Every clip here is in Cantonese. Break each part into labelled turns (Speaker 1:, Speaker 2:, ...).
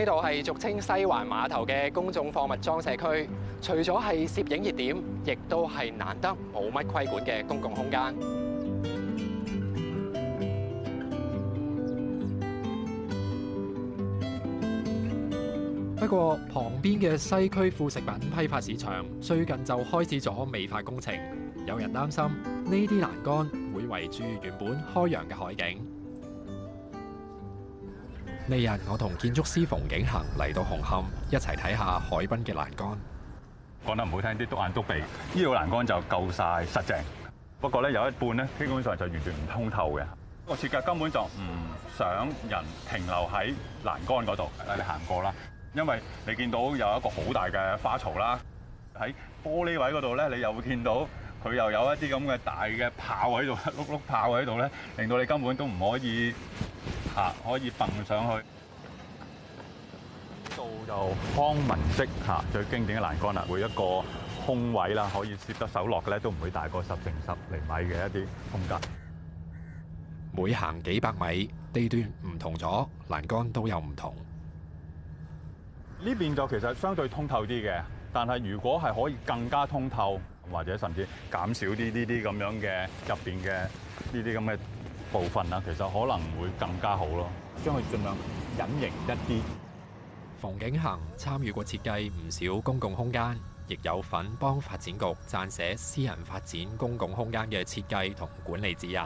Speaker 1: 呢度係俗稱西環碼頭嘅公眾貨物裝卸區，除咗係攝影熱點，亦都係難得冇乜規管嘅公共空間。不過，旁邊嘅西區副食品批發市場最近就開始咗美化工程，有人擔心呢啲欄杆會圍住原本開揚嘅海景。呢日我同建築師馮
Speaker 2: 景行嚟到紅磡，一齊睇下海濱嘅欄杆。講得唔好聽啲，篤眼篤鼻。呢度欄杆就夠晒實淨，不過咧有一半咧基本上就完全唔通透嘅。個設計根本就唔想人停留喺欄杆嗰度，嗱，你行過啦。因為你見到有一個好大嘅花槽啦，喺玻璃位嗰度咧，你又會見到佢又有一啲咁嘅大嘅炮喺度，碌碌炮喺度咧，令到你根本都唔可以。嚇、啊，可以蹦上去。呢度就康文式嚇、啊，最經典嘅欄杆啦。每一個空位啦，可以攝得手落嘅咧，都唔會大過十乘十厘米嘅一啲空間。
Speaker 1: 每行
Speaker 2: 幾百米，
Speaker 1: 地段唔同咗，欄杆都有唔同。
Speaker 2: 呢邊就其實相對通透啲嘅，但係如果係可以更加通透，或者甚至減少啲呢啲咁樣嘅入邊嘅呢啲咁嘅。部分啦，其實可能會更加好咯。將佢盡量隱形一啲。
Speaker 1: 馮景恒參與過設計唔少公共空間，亦有份幫發展局撰寫私人發展公共空間嘅設計同管理指引。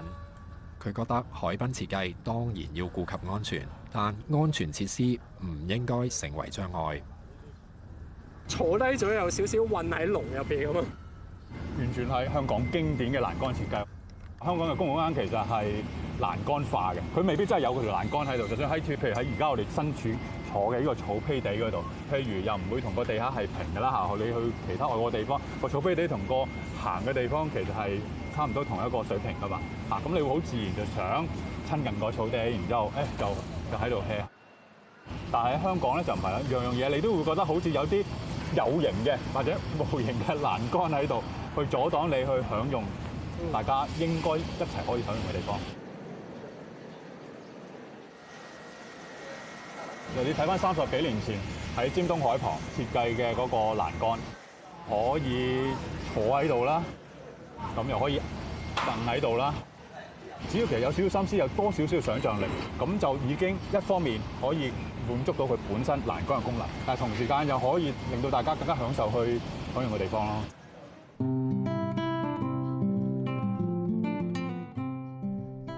Speaker 1: 佢覺得海濱設計當然要顧及安全，但安全設施唔應該成為障礙。坐低咗有少少困喺籠入邊咁樣！
Speaker 2: 完全係香港經典嘅欄杆設計。香港嘅公共空間其實係～欄杆化嘅，佢未必真係有條欄杆喺度。就算喺，譬如喺而家我哋身處坐嘅呢個草坯地嗰度，譬如又唔會同個地下係平㗎啦嚇。你去其他外國地方，個草坯地同個行嘅地方其實係差唔多同一個水平噶嘛。咁、啊、你會好自然就想親近個草地，然之後，誒，就就喺度 h 但係香港咧就唔係樣樣樣嘢你都會覺得好似有啲有形嘅或者無形嘅欄杆喺度，去阻擋你去享用大家應該一齊可以享用嘅地方。你睇翻三十幾年前喺尖東海旁設計嘅嗰個欄杆，可以坐喺度啦，咁又可以瞓喺度啦。只要其實有少少心思，有多少少想像力，咁就已經一方面可以滿足到佢本身欄杆嘅功能，但係同時間又可以令到大家更加享受去海洋嘅地方咯。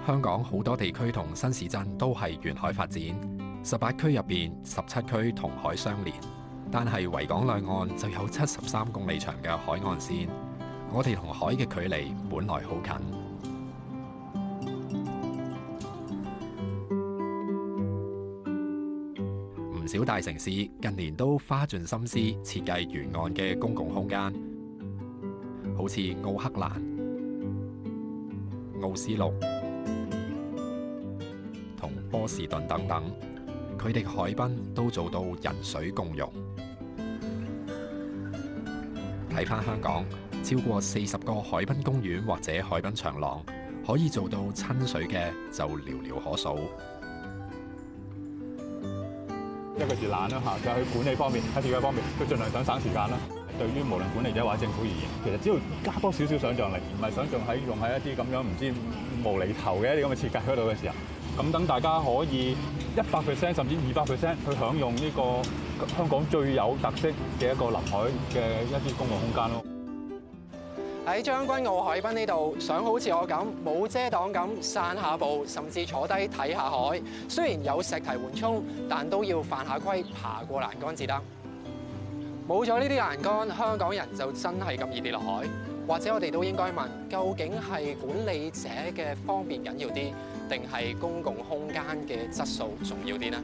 Speaker 1: 香港好多地區同新市鎮都係沿海發展。十八區入面，十七區同海相連，但係維港兩岸就有七十三公里長嘅海岸線。我哋同海嘅距離本來好近。唔少大城市近年都花盡心思設計沿岸嘅公共空間，好似奧克蘭、奧斯陸同波士頓等等。佢哋海濱都做到人水共融。睇翻香港，超過四十個海濱公園或者海濱長廊，可以做到親水嘅就寥寥可數。
Speaker 2: 一個字懶啦吓，就喺管理方面、喺設計方面，佢盡量想省時間啦。對於無論管理者或者政府而言，其實只要加多少少想像力，唔係想象喺用喺一啲咁樣唔知無厘頭嘅一啲咁嘅設計嗰度嘅時候。咁等大家可以一百 percent 甚至二百 percent 去享用呢個香港最有特色嘅一個臨海嘅一啲公共空間咯。
Speaker 1: 喺將軍澳海濱呢度，想好似我咁冇遮擋咁散下步，甚至坐低睇下海。雖然有石堤緩衝，但都要犯下規，爬過欄杆至得。冇咗呢啲欄杆，香港人就真係咁易跌落海。或者我哋都應該問，究竟係管理者嘅方便緊要啲，定係公共空間嘅質素重要啲呢？